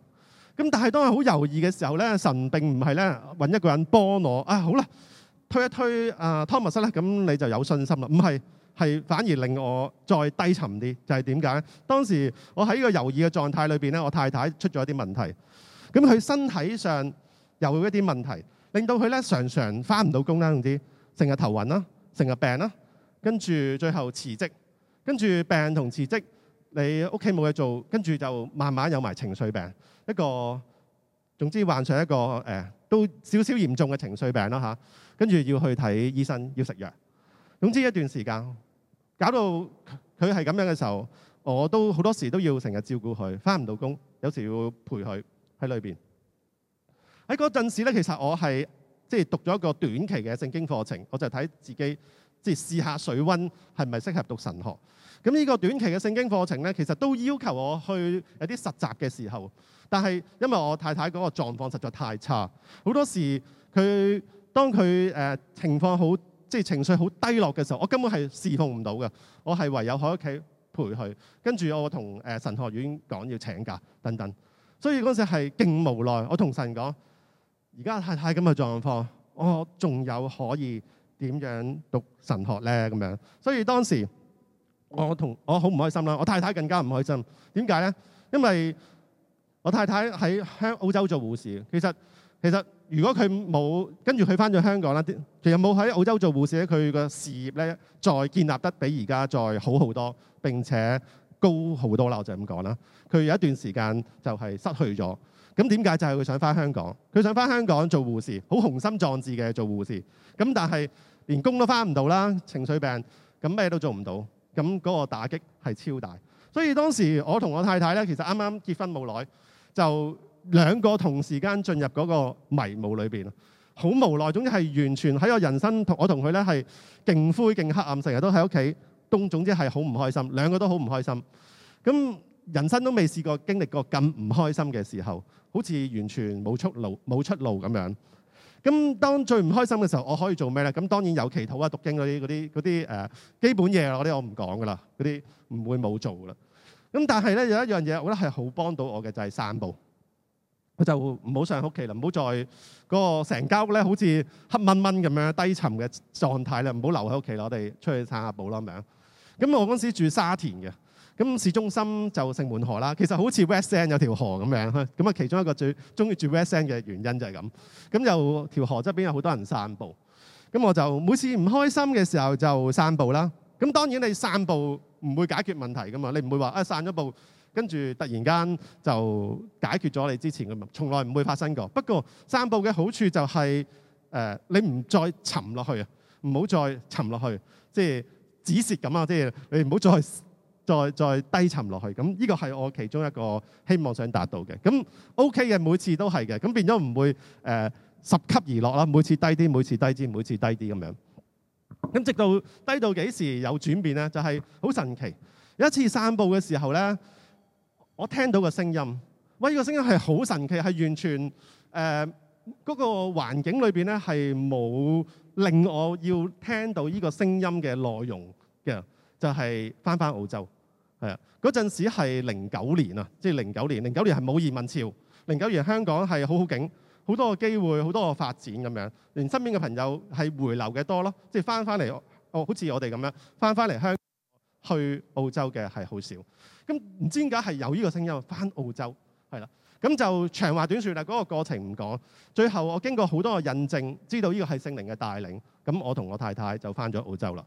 A: 咁但係當我好猶豫嘅時候咧，神並唔係咧揾一個人幫我啊。好啦，推一推啊 Thomas 咧，咁你就有信心啦。唔係，係反而令我再低沉啲，就係點解當時我喺呢個猶豫嘅狀態裏邊咧，我太太出咗一啲問題，咁佢身體上又有一啲問題，令到佢咧常常翻唔到工啦，唔知成日頭暈啦，成日病啦，跟住最後辭職，跟住病同辭職，你屋企冇嘢做，跟住就慢慢有埋情緒病。一個總之患上一個誒、呃、都少少嚴重嘅情緒病啦、啊、跟住要去睇醫生，要食藥。總之一段時間搞到佢係咁樣嘅時候，我都好多時都要成日照顧佢，翻唔到工，有時要陪佢喺裏面。喺嗰陣時咧，其實我係即係讀咗一個短期嘅聖經課程，我就睇自己。即係試下水溫係咪適合讀神學？咁呢個短期嘅聖經課程咧，其實都要求我去有啲實習嘅時候。但係因為我太太嗰個狀況實在太差，好多時佢當佢誒、呃、情況好，即係情緒好低落嘅時候，我根本係侍奉唔到嘅。我係唯有喺屋企陪佢，跟住我同誒神學院講要請假等等。所以嗰陣係勁無奈，我同神講：而家太太咁嘅狀況，我仲有可以。點樣讀神學呢？咁樣，所以當時我同我好唔開心啦，我太太更加唔開心。點解呢？因為我太太喺香澳洲做護士。其實其實，如果佢冇跟住佢返咗香港啦，其實冇喺澳洲做護士咧，佢個事業咧再建立得比而家再好好多，並且高好多啦。我就咁講啦。佢有一段時間就係失去咗。咁點解？就係佢想返香港。佢想返香港做護士，好雄心壯志嘅做護士。咁但係。連工都返唔到啦，情緒病，咁咩都做唔到，咁嗰個打擊係超大。所以當時我同我太太咧，其實啱啱結婚冇耐，就兩個同時間進入嗰個迷霧裏面。好無奈。總之係完全喺我人生同我同佢咧係勁灰勁黑暗，成日都喺屋企，都總之係好唔開心。兩個都好唔開心，咁人生都未試過經歷過咁唔開心嘅時候，好似完全冇出路冇出路咁樣。咁當最唔開心嘅時候，我可以做咩咧？咁當然有祈禱啊、讀經嗰啲、啲、啲誒、呃、基本嘢啦。嗰啲我唔講噶啦，嗰啲唔會冇做噶啦。咁但係咧有一樣嘢，我覺得係好幫到我嘅就係、是、散步。佢就唔、那個、好上屋企啦，唔好再嗰個成間屋咧，好似黑蚊蚊咁樣低沉嘅狀態啦，唔好留喺屋企啦，我哋出去散下步啦咁樣。咁我嗰時住沙田嘅。咁市中心就城門河啦。其實好似 West End 有條河咁樣，咁啊，其中一個最中意住 West End 嘅原因就係咁。咁就條河側邊有好多人散步，咁我就每次唔開心嘅時候就散步啦。咁當然你散步唔會解決問題噶嘛，你唔會話啊、哎、散咗步跟住突然間就解決咗你之前嘅問題，從來唔會發生過。不過散步嘅好處就係、是、誒、呃，你唔再沉落去啊，唔好再沉落去，即係止蝕咁啊！即係你唔好再。再再低沉落去，咁呢個係我其中一個希望想達到嘅。咁 OK 嘅，每次都係嘅。咁變咗唔會、呃、十級而落啦，每次低啲，每次低啲，每次低啲咁樣。咁直到低到幾時有轉變呢？就係、係、好神奇。有一次散步嘅時候呢，我聽到個聲音。喂，呢、呢個聲音係好神奇，係完全嗰、呃嗰個環境裏面呢，係冇令我要聽到呢個聲音嘅內容嘅，就係返返澳洲。係啊，嗰陣時係零九年啊，即係零九年，零九年係冇移民潮，零九年香港係好好景，好多個機會，好多個發展咁樣，連身邊嘅朋友係回流嘅多咯，即係翻翻嚟，好我好似我哋咁樣，翻翻嚟香港去澳洲嘅係好少，咁唔知點解係有呢個聲音翻澳洲係啦。是咁就長話短說啦，嗰個過程唔講。最後我經過好多個印證，知道呢個係聖靈嘅帶領。咁我同我太太就翻咗澳洲啦。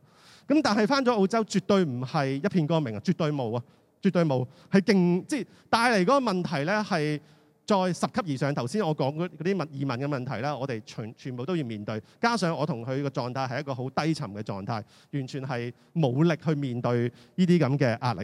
A: 咁但係翻咗澳洲，絕對唔係一片光明啊！絕對冇啊！絕對冇。係勁，即係帶嚟嗰個問題咧，係在十級以上。頭先我講嗰啲問移民嘅問題啦，我哋全全部都要面對。加上我同佢個狀態係一個好低沉嘅狀態，完全係冇力去面對呢啲咁嘅壓力。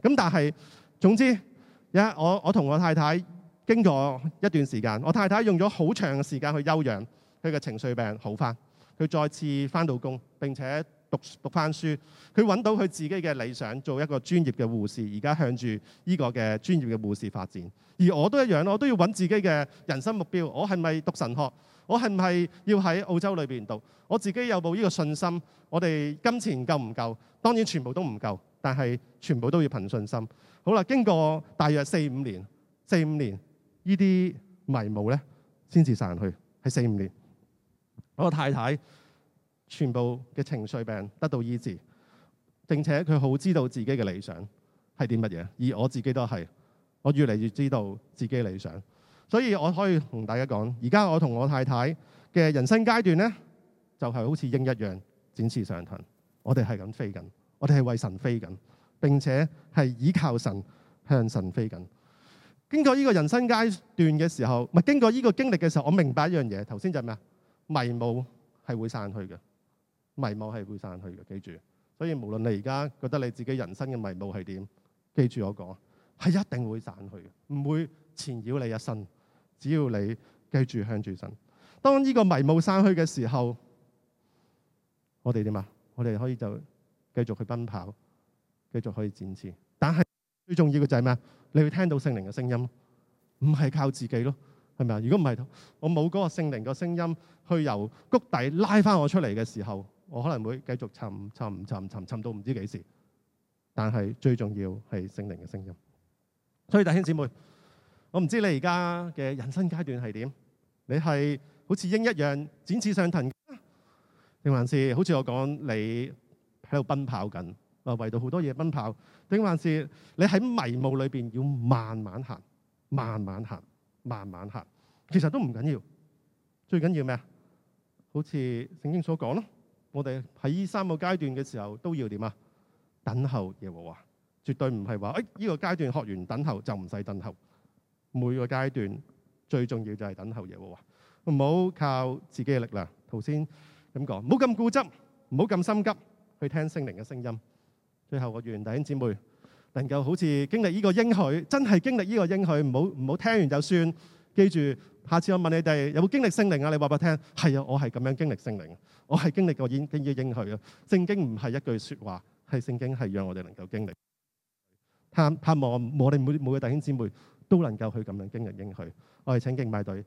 A: 咁但係總之，一我我同我太太。經過一段時間，我太太用咗好長嘅時間去休養，佢嘅情緒病好翻，佢再次翻到工，並且讀讀翻書，佢揾到佢自己嘅理想，做一個專業嘅護士，而家向住呢個嘅專業嘅護士發展。而我都一樣，我都要揾自己嘅人生目標。我係咪讀神學？我係唔係要喺澳洲裏面讀？我自己有冇呢個信心？我哋金錢夠唔夠？當然全部都唔夠，但係全部都要憑信心。好啦，經過大約四五年，四五年。呢啲迷霧咧，先至散去，係四五年。我個太太全部嘅情緒病得到醫治，並且佢好知道自己嘅理想係啲乜嘢，而我自己都係，我越嚟越知道自己理想。所以我可以同大家講，而家我同我太太嘅人生階段咧，就係、是、好似鷹一樣展翅上騰，我哋係咁飛緊，我哋係為神飛緊，並且係依靠神向神飛緊。經過呢個人生階段嘅時候，唔係經過呢個經歷嘅時候，我明白一樣嘢。頭先就係咩啊？迷霧係會散去嘅，迷霧係會散去嘅，記住。所以無論你而家覺得你自己人生嘅迷霧係點，記住我講，係一定會散去嘅，唔會纏繞你一生。只要你繼續向住神。當呢個迷霧散去嘅時候，我哋點啊？我哋可以就繼續去奔跑，繼續可以展翅。但係最重要嘅就係咩啊？你會聽到聖靈嘅聲音，唔係靠自己咯，係咪啊？如果唔係，我冇嗰個聖靈嘅聲音去由谷底拉翻我出嚟嘅時候，我可能會繼續沉沉沉沉沉到唔知幾時。但係最重要係聖靈嘅聲音。所以弟兄姊妹，我唔知你而家嘅人生階段係點？你係好似鷹一樣展翅上騰的，定還是好似我講你喺度奔跑緊？啊，為到好多嘢奔跑，定還是你喺迷霧裏邊要慢慢行、慢慢行、慢慢行？其實都唔緊要，最緊要咩啊？好似聖經所講咯，我哋喺呢三個階段嘅時候都要點啊？等候耶和華，絕對唔係話誒呢個階段學完等候就唔使等候。每個階段最重要就係等候耶和華，唔好靠自己嘅力量。頭先咁講，唔好咁固執，唔好咁心急去聽聖靈嘅聲音。最後我願，弟兄姊妹能夠好似經歷呢個應許，真係經歷呢個應許，唔好唔好聽完就算。記住，下次我問你哋有冇經歷聖靈啊？你話畀我聽，係啊，我係咁樣經歷聖靈，我係經歷過應經呢個應許啊！聖經唔係一句説話，係聖經係讓我哋能夠經歷。盼盼望我我哋每每個弟兄姊妹都能夠去咁樣經歷應許。我哋請敬拜隊。